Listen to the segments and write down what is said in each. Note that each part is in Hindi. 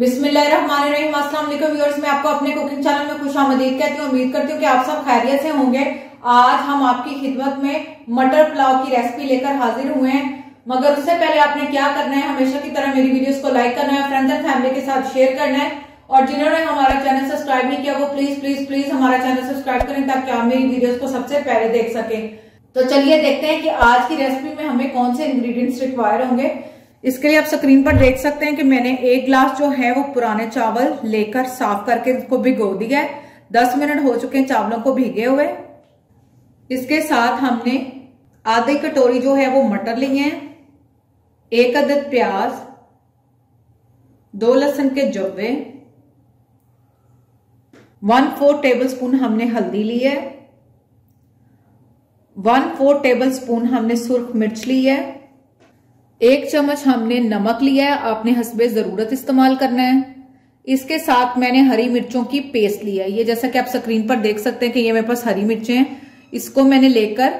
बिस्मिल्लाहिर्रहमानिर्रहीम अस्सलाम वालेकुम व्यूअर्स मैं आपको अपने कुकिंग चैनल में खुश आमदीद कहती हूँ उम्मीद करती हूँ कि आप सब खैरियत से होंगे आज हम आपकी खिदमत में मटर पुलाव की रेसिपी लेकर हाजिर हुए हैं मगर उससे पहले आपने क्या करना है हमेशा की तरह मेरी वीडियोस को लाइक करना है फ्रेंड्स एंड फैमिली के साथ शेयर करना है और जिन्होंने हमारा चैनल सब्सक्राइब नहीं किया वो प्लीज प्लीज प्लीज हमारा चैनल सब्सक्राइब करें ताकि आप मेरी वीडियोस को सबसे पहले देख सकें तो चलिए देखते हैं कि आज की रेसिपी में हमें कौन से इंग्रेडिएंट्स रिक्वायर होंगे इसके लिए आप स्क्रीन पर देख सकते हैं कि मैंने एक ग्लास जो है वो पुराने चावल लेकर साफ करके इसको भिगो दिया है दस मिनट हो चुके हैं चावलों को भिगे हुए इसके साथ हमने आधी कटोरी जो है वो मटर लिए हैं एक अदद प्याज दो लहसुन के जब्बे वन फोर टेबल स्पून हमने हल्दी ली है वन फोर टेबल स्पून हमने सुर्ख मिर्च ली है एक चम्मच हमने नमक लिया है आपने हसबे जरूरत इस्तेमाल करना है इसके साथ मैंने हरी मिर्चों की पेस्ट लिया है ये जैसा कि आप स्क्रीन पर देख सकते हैं कि ये मेरे पास हरी मिर्चें हैं इसको मैंने लेकर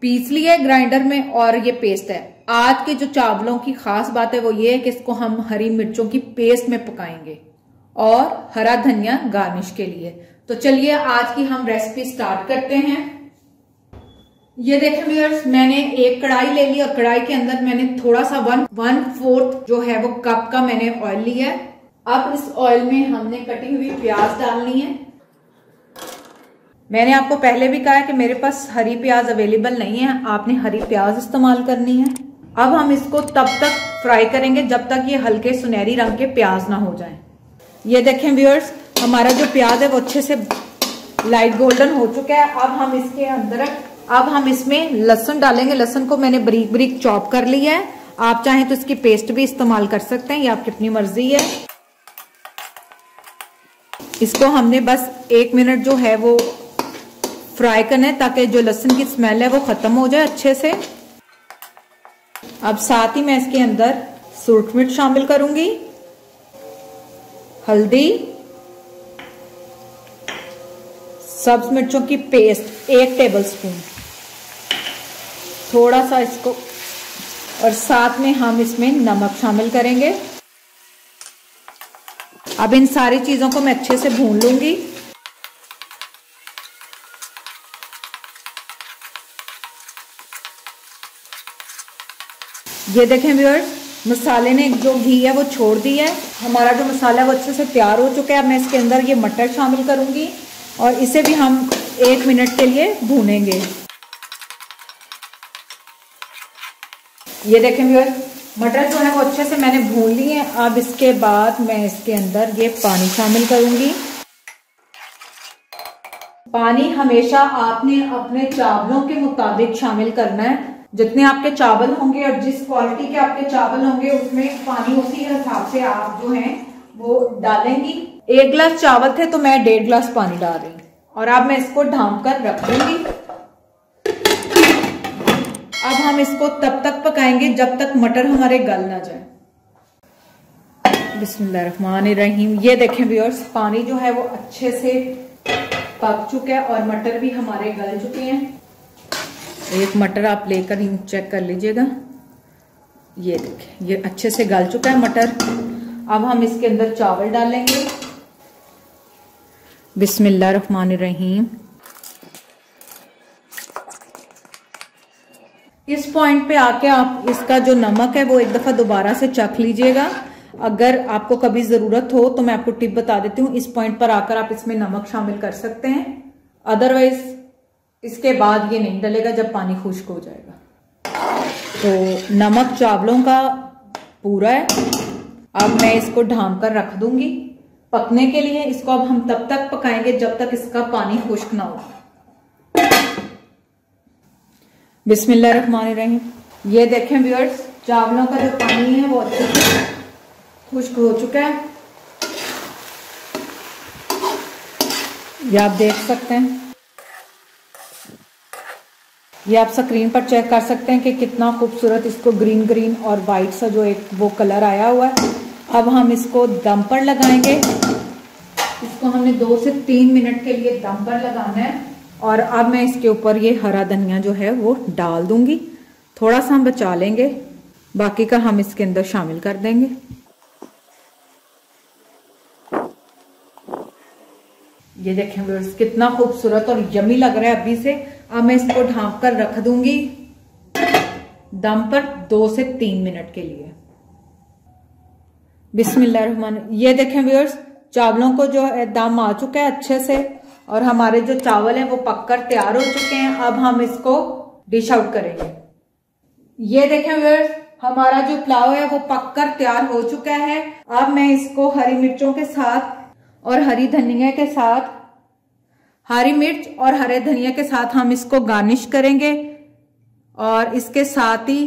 पीस लिया है ग्राइंडर में और ये पेस्ट है आज के जो चावलों की खास बात है वो ये है कि इसको हम हरी मिर्चों की पेस्ट में पकाएंगे और हरा धनिया गार्निश के लिए तो चलिए आज की हम रेसिपी स्टार्ट करते हैं ये देखें व्यूअर्स मैंने एक कढ़ाई ले ली और कढ़ाई के अंदर मैंने थोड़ा सा वन वन फोर्थ जो है वो कप का मैंने ऑयल लिया है अब इस ऑयल में हमने कटी हुई प्याज डालनी है मैंने आपको पहले भी कहा है कि मेरे पास हरी प्याज अवेलेबल नहीं है आपने हरी प्याज इस्तेमाल करनी है अब हम इसको तब तक फ्राई करेंगे जब तक ये हल्के सुनहरी रंग के प्याज ना हो जाए ये देखें व्यूअर्स हमारा जो प्याज है वो अच्छे से लाइट गोल्डन हो चुका है अब हम इसके अंदर अब हम इसमें लहसुन डालेंगे लहसुन को मैंने बरीक बरीक चॉप कर लिया है आप चाहें तो इसकी पेस्ट भी इस्तेमाल कर सकते हैं ये आपकी अपनी मर्जी है इसको हमने बस एक मिनट जो है वो फ्राई करना है ताकि जो लहसुन की स्मेल है वो ख़त्म हो जाए अच्छे से अब साथ ही मैं इसके अंदर सूर्ख मिर्च शामिल करूंगी हल्दी सब्ज मिर्चों की पेस्ट एक टेबलस्पून थोड़ा सा इसको और साथ में हम इसमें नमक शामिल करेंगे अब इन सारी चीज़ों को मैं अच्छे से भून लूंगी ये देखें व्यूअर्स मसाले ने जो घी है वो छोड़ दी है हमारा जो मसाला है वो अच्छे से तैयार हो चुका है अब मैं इसके अंदर ये मटर शामिल करूंगी और इसे भी हम एक मिनट के लिए भूनेंगे ये देखें व्यूअर मटर जो है वो अच्छे से मैंने भून ली है अब इसके बाद मैं इसके अंदर ये पानी शामिल करूंगी पानी हमेशा आपने अपने चावलों के मुताबिक शामिल करना है जितने आपके चावल होंगे और जिस क्वालिटी के आपके चावल होंगे उसमें पानी उसी हिसाब से आप जो है वो डालेंगी एक ग्लास चावल थे तो मैं डेढ़ ग्लास पानी डाल रही और अब मैं इसको ढांप कर रख दूंगी अब हम इसको तब तक पकाएंगे जब तक मटर हमारे गल ना जाए बिस्मिल्लाहिर्रहमानिर्रहीम ये देखें व्यूअर्स पानी जो है वो अच्छे से पक चुका है और मटर भी हमारे गल चुके हैं एक मटर आप लेकर यूँ चेक कर लीजिएगा ये देखें ये अच्छे से गल चुका है मटर अब हम इसके अंदर चावल डालेंगे रहमान रहीम इस पॉइंट पे आके आप इसका जो नमक है वो एक दफा दोबारा से चख लीजिएगा अगर आपको कभी जरूरत हो तो मैं आपको टिप बता देती हूँ इस पॉइंट पर आकर आप इसमें नमक शामिल कर सकते हैं अदरवाइज इसके बाद ये नहीं डलेगा जब पानी खुश्क हो जाएगा तो नमक चावलों का पूरा है अब मैं इसको ढाम कर रख दूंगी पकने के लिए इसको अब हम तब तक पकाएंगे जब तक इसका पानी खुश्क ना हो बिस्मिल्लाह ये देखें व्यूअर्स चावलों का जो पानी है वो अच्छे से खुश्क हो चुका है ये आप देख सकते हैं ये आप स्क्रीन पर चेक कर सकते हैं कि कितना खूबसूरत इसको ग्रीन ग्रीन और वाइट सा जो एक वो कलर आया हुआ है अब हम इसको दम पर लगाएंगे इसको हमने दो से तीन मिनट के लिए दम पर लगाना है और अब मैं इसके ऊपर ये हरा धनिया जो है वो डाल दूंगी थोड़ा सा हम बचा लेंगे बाकी का हम इसके अंदर शामिल कर देंगे ये देखें व्यूअर्स कितना खूबसूरत और यमी लग रहा है अभी से अब मैं इसको ढांप कर रख दूंगी दम पर दो से तीन मिनट के लिए बिस्मिल्लाह रहमान ये देखें व्यूअर्स चावलों को जो है दम आ चुका है अच्छे से और हमारे जो चावल हैं वो पककर तैयार हो चुके हैं अब हम इसको डिश आउट करेंगे ये देखें व्यूअर्स हमारा जो पुलाव है वो पककर तैयार हो चुका है अब मैं इसको हरी मिर्चों के साथ और हरी धनिया के साथ हरी मिर्च और हरे धनिया के साथ हम इसको गार्निश करेंगे और इसके साथ ही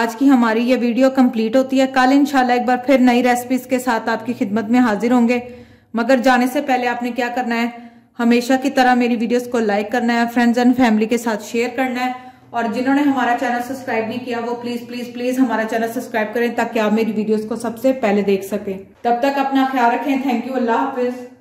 आज की हमारी ये वीडियो कंप्लीट होती है कल इंशाल्लाह एक बार फिर नई रेसिपीज के साथ आपकी खिदमत में हाजिर होंगे मगर जाने से पहले आपने क्या करना है हमेशा की तरह मेरी वीडियोस को लाइक करना है फ्रेंड्स एंड फैमिली के साथ शेयर करना है और जिन्होंने हमारा चैनल सब्सक्राइब नहीं किया वो प्लीज प्लीज प्लीज हमारा चैनल सब्सक्राइब करें ताकि आप मेरी वीडियोस को सबसे पहले देख सकें तब तक अपना ख्याल रखें थैंक यू अल्लाह हाफिज़